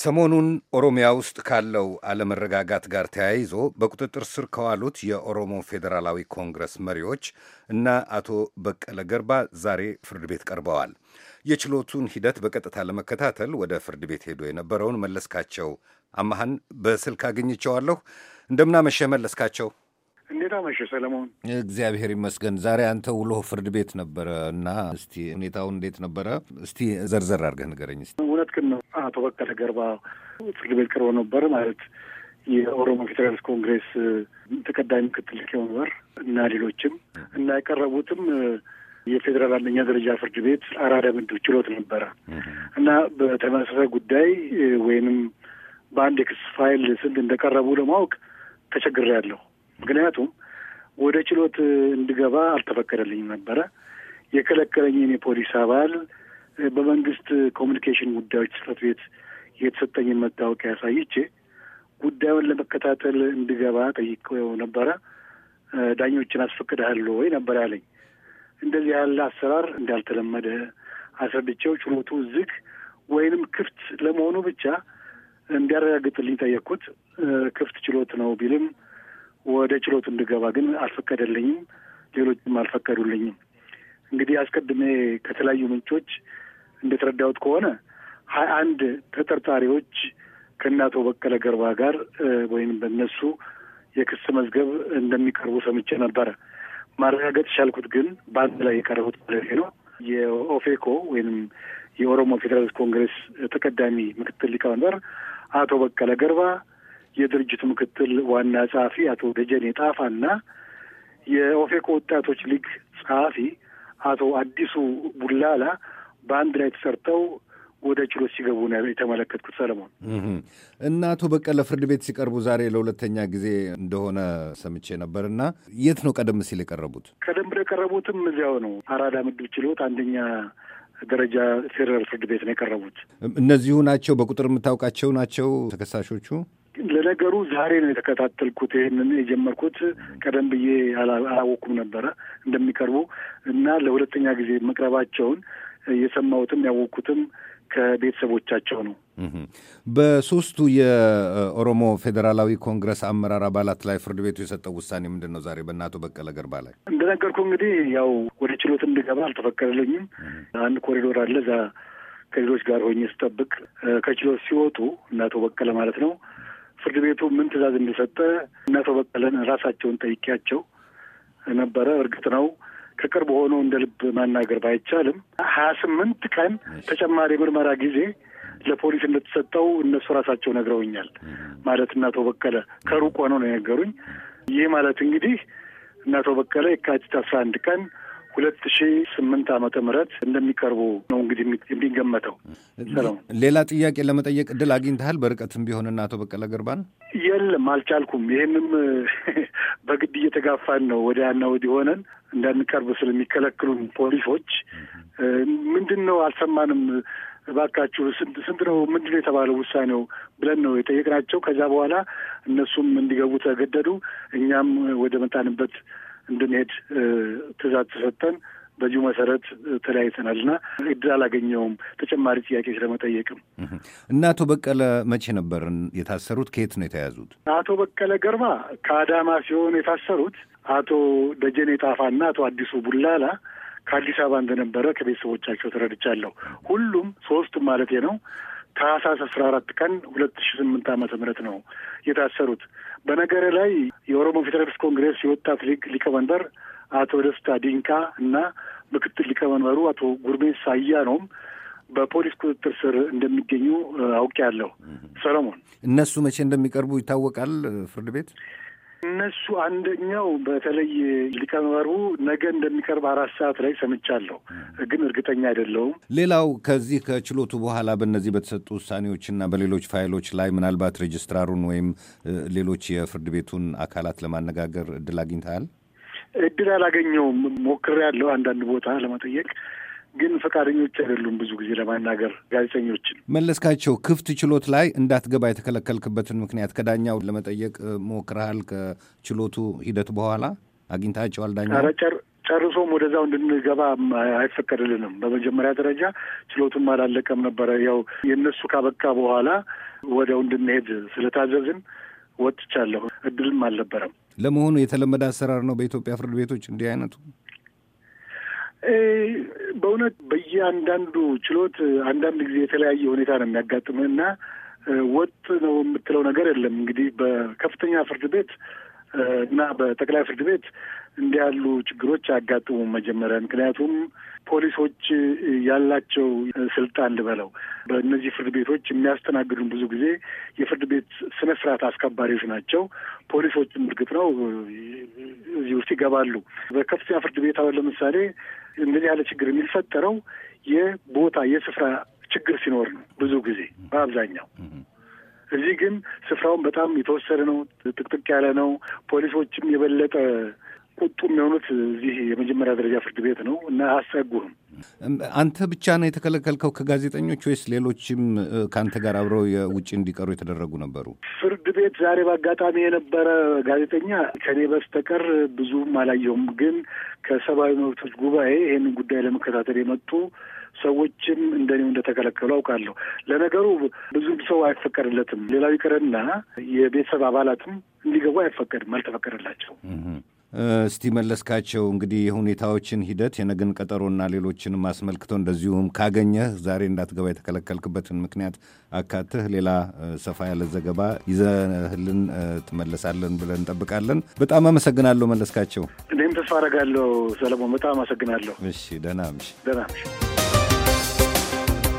ሰሞኑን ኦሮሚያ ውስጥ ካለው አለመረጋጋት ጋር ተያይዞ በቁጥጥር ስር ከዋሉት የኦሮሞ ፌዴራላዊ ኮንግረስ መሪዎች እና አቶ በቀለ ገርባ ዛሬ ፍርድ ቤት ቀርበዋል። የችሎቱን ሂደት በቀጥታ ለመከታተል ወደ ፍርድ ቤት ሄዶ የነበረውን መለስካቸው አማሃን በስልክ አግኝቸዋለሁ። እንደምናመሸ መለስካቸው። እንዴት አመሸ ሰለሞን? እግዚአብሔር ይመስገን። ዛሬ አንተ ውሎ ፍርድ ቤት ነበረ እና እስቲ ሁኔታው እንዴት ነበረ? እስቲ ዘርዘር አድርገህ ንገረኝ። ስ እውነትህን ነው። አቶ በቀለ ገርባ ፍርድ ቤት ቀርበው ነበር ማለት የኦሮሞ ፌዴራልስ ኮንግሬስ ተቀዳሚ ምክትል ሊቀመንበር እና ሌሎችም እና የቀረቡትም የፌዴራል አንደኛ ደረጃ ፍርድ ቤት አራዳ ምድብ ችሎት ነበረ እና በተመሳሳይ ጉዳይ ወይንም በአንድ የክስ ፋይል ስንት እንደቀረቡ ለማወቅ ተቸግሬያለሁ። ምክንያቱም ወደ ችሎት እንድገባ አልተፈቀደልኝም ነበረ። የከለከለኝን የፖሊስ አባል በመንግስት ኮሚኒኬሽን ጉዳዮች ጽሕፈት ቤት የተሰጠኝን መታወቂያ ያሳይቼ ጉዳዩን ለመከታተል እንድገባ ጠይቀው ነበረ። ዳኞችን አስፈቅድሃል ወይ ነበር ያለኝ። እንደዚህ ያለ አሰራር እንዳልተለመደ አስረድቼው ችሎቱ ዝግ ወይንም ክፍት ለመሆኑ ብቻ እንዲያረጋግጥልኝ ጠየቅኩት። ክፍት ችሎት ነው ቢልም ወደ ችሎት እንድገባ ግን አልፈቀደልኝም። ሌሎችም አልፈቀዱልኝም። እንግዲህ አስቀድሜ ከተለያዩ ምንጮች እንደተረዳሁት ከሆነ ሀያ አንድ ተጠርጣሪዎች ከእነ አቶ በቀለ ገርባ ጋር ወይም በእነሱ የክስ መዝገብ እንደሚቀርቡ ሰምቼ ነበረ። ማረጋገጥ ቻልኩት ግን በአንድ ላይ የቀረቡት ማለት ነው የኦፌኮ ወይም የኦሮሞ ፌዴራሊስት ኮንግሬስ ተቀዳሚ ምክትል ሊቀመንበር አቶ በቀለ ገርባ የድርጅቱ ምክትል ዋና ጸሐፊ አቶ ደጀኔ ጣፋና የኦፌኮ ወጣቶች ሊግ ጸሐፊ አቶ አዲሱ ቡላላ በአንድ ላይ ተሰርተው ወደ ችሎት ሲገቡ ነው የተመለከትኩት። ሰለሞን እና አቶ በቀለ ፍርድ ቤት ሲቀርቡ ዛሬ ለሁለተኛ ጊዜ እንደሆነ ሰምቼ ነበር እና የት ነው ቀደም ሲል የቀረቡት? ቀደም ብሎ የቀረቡትም እዚያው ነው አራዳ ምድብ ችሎት አንደኛ ደረጃ ፌዴራል ፍርድ ቤት ነው የቀረቡት። እነዚሁ ናቸው። በቁጥር የምታውቃቸው ናቸው ተከሳሾቹ ለነገሩ ዛሬ ነው የተከታተልኩት። ይህንን የጀመርኩት ቀደም ብዬ አላወቁም ነበረ እንደሚቀርቡ እና ለሁለተኛ ጊዜ መቅረባቸውን የሰማሁትም ያወቅኩትም ከቤተሰቦቻቸው ነው። በሶስቱ የኦሮሞ ፌዴራላዊ ኮንግረስ አመራር አባላት ላይ ፍርድ ቤቱ የሰጠው ውሳኔ ምንድን ነው? ዛሬ በእነ አቶ በቀለ ገርባ ላይ እንደነገርኩ እንግዲህ ያው ወደ ችሎት እንድገባ አልተፈቀደልኝም። አንድ ኮሪዶር አለ። እዛ ከሌሎች ጋር ሆኜ ስጠብቅ ከችሎት ሲወጡ እነ አቶ በቀለ ማለት ነው ፍርድ ቤቱ ምን ትዕዛዝ እንደሰጠ እነ አቶ በቀለን ራሳቸውን ጠይቄያቸው ነበረ። እርግጥ ነው ከቅርብ ሆኖ እንደ ልብ ማናገር ባይቻልም ሀያ ስምንት ቀን ተጨማሪ ምርመራ ጊዜ ለፖሊስ እንደተሰጠው እነሱ ራሳቸው ነግረውኛል። ማለት እነ አቶ በቀለ ከሩቅ ሆነው ነው የነገሩኝ። ይህ ማለት እንግዲህ እነ አቶ በቀለ የካቲት አስራ አንድ ቀን ሁለት ሺ ስምንት ዓመተ ምህረት እንደሚቀርቡ ነው እንግዲህ የሚገመተው። ሌላ ጥያቄ ለመጠየቅ እድል አግኝተሃል በርቀትም ቢሆንና አቶ በቀለ ገርባን? የለም አልቻልኩም። ይህንም በግድ እየተጋፋን ነው ወዲያና ወዲህ ሆነን እንዳንቀርብ ስለሚከለክሉን ፖሊሶች። ምንድን ነው አልሰማንም እባካችሁ ስንት ነው ምንድን ነው የተባለው ውሳኔው ብለን ነው የጠየቅናቸው። ከዛ በኋላ እነሱም እንዲገቡ ተገደዱ። እኛም ወደ መጣንበት እንድንሄድ ትእዛዝ ተሰጠን። በዚሁ መሰረት ተለያይተናል እና እድል አላገኘውም ተጨማሪ ጥያቄ ስለመጠየቅም። እና አቶ በቀለ መቼ ነበር የታሰሩት? ከየት ነው የተያዙት? አቶ በቀለ ገርማ ከአዳማ ሲሆን የታሰሩት አቶ ደጀኔ ጣፋ እና አቶ አዲሱ ቡላላ ከአዲስ አበባ እንደነበረ ከቤተሰቦቻቸው ተረድቻለሁ። ሁሉም ሶስቱም ማለት ነው ታህሳስ አስራ አራት ቀን ሁለት ሺ ስምንት ዓመተ ምህረት ነው የታሰሩት። በነገር ላይ የኦሮሞ ፌዴራሊስት ኮንግሬስ የወጣት ሊግ ሊቀመንበር አቶ ደስታ ዲንቃ እና ምክትል ሊቀመንበሩ አቶ ጉርሜሳ አያኖም በፖሊስ ቁጥጥር ስር እንደሚገኙ አውቄያለሁ። ሰለሞን፣ እነሱ መቼ እንደሚቀርቡ ይታወቃል ፍርድ ቤት እነሱ አንደኛው በተለይ ሊቀመንበሩ ነገ እንደሚቀርብ አራት ሰዓት ላይ ሰምቻለሁ፣ ግን እርግጠኛ አይደለውም። ሌላው ከዚህ ከችሎቱ በኋላ በእነዚህ በተሰጡ ውሳኔዎችና በሌሎች ፋይሎች ላይ ምናልባት ሬጅስትራሩን ወይም ሌሎች የፍርድ ቤቱን አካላት ለማነጋገር እድል አግኝተሃል? እድል አላገኘውም። ሞክሬያለሁ አንዳንድ ቦታ ለመጠየቅ ግን ፈቃደኞች አይደሉም ብዙ ጊዜ ለማናገር ጋዜጠኞችን። መለስካቸው፣ ክፍት ችሎት ላይ እንዳትገባ የተከለከልክበትን ምክንያት ከዳኛው ለመጠየቅ ሞክረሃል? ከችሎቱ ሂደት በኋላ አግኝታቸዋል ዳኛው? ጨርሶም ወደዛው እንድንገባ አይፈቀድልንም። በመጀመሪያ ደረጃ ችሎቱም አላለቀም ነበረ። ያው የእነሱ ካበቃ በኋላ ወዲያው እንድንሄድ ስለታዘዝን ወጥቻለሁ። እድልም አልነበረም። ለመሆኑ የተለመደ አሰራር ነው በኢትዮጵያ ፍርድ ቤቶች እንዲህ አይነቱ? በእውነት በየአንዳንዱ ችሎት አንዳንድ ጊዜ የተለያየ ሁኔታ ነው የሚያጋጥምህ እና ወጥ ነው የምትለው ነገር የለም። እንግዲህ በከፍተኛ ፍርድ ቤት እና በጠቅላይ ፍርድ ቤት እንዲህ ያሉ ችግሮች አጋጥሙ መጀመሪያ ምክንያቱም ፖሊሶች ያላቸው ስልጣን ልበለው በእነዚህ ፍርድ ቤቶች የሚያስተናግዱን ብዙ ጊዜ የፍርድ ቤት ስነ ስርዓት አስከባሪዎች ናቸው። ፖሊሶችም እርግጥ ነው እዚህ ውስጥ ይገባሉ። በከፍተኛ ፍርድ ቤት አሁን ለምሳሌ እንደዚህ ያለ ችግር የሚፈጠረው የቦታ የስፍራ ችግር ሲኖር ነው ብዙ ጊዜ በአብዛኛው እዚህ ግን ስፍራውን በጣም የተወሰነ ነው፣ ጥቅጥቅ ያለ ነው። ፖሊሶችም የበለጠ ቁጡ የሚሆኑት እዚህ የመጀመሪያ ደረጃ ፍርድ ቤት ነው እና አያስቸግሩም። አንተ ብቻ ነው የተከለከልከው ከጋዜጠኞች ወይስ ሌሎችም ከአንተ ጋር አብረው የውጭ እንዲቀሩ የተደረጉ ነበሩ? ፍርድ ቤት ዛሬ በአጋጣሚ የነበረ ጋዜጠኛ ከኔ በስተቀር ብዙም አላየውም፣ ግን ከሰብአዊ መብቶች ጉባኤ ይህንን ጉዳይ ለመከታተል የመጡ ሰዎችም እንደኔው እንደተከለከሉ አውቃለሁ። ለነገሩ ብዙም ሰው አይፈቀድለትም። ሌላው ይቅርና የቤተሰብ አባላትም እንዲገቡ አይፈቀድም፣ አልተፈቀደላቸው። እስቲ መለስካቸው እንግዲህ የሁኔታዎችን ሂደት የነገን ቀጠሮና ሌሎችንም አስመልክቶ እንደዚሁም ካገኘህ ዛሬ እንዳትገባ የተከለከልክበትን ምክንያት አካትህ ሌላ ሰፋ ያለ ዘገባ ይዘህልን ትመለሳለን ብለን እንጠብቃለን። በጣም አመሰግናለሁ መለስካቸው። እኔም ተስፋ አደርጋለሁ ሰለሞን፣ በጣም አመሰግናለሁ። እሺ፣ ደህና እምሽ። ደህና እምሽ።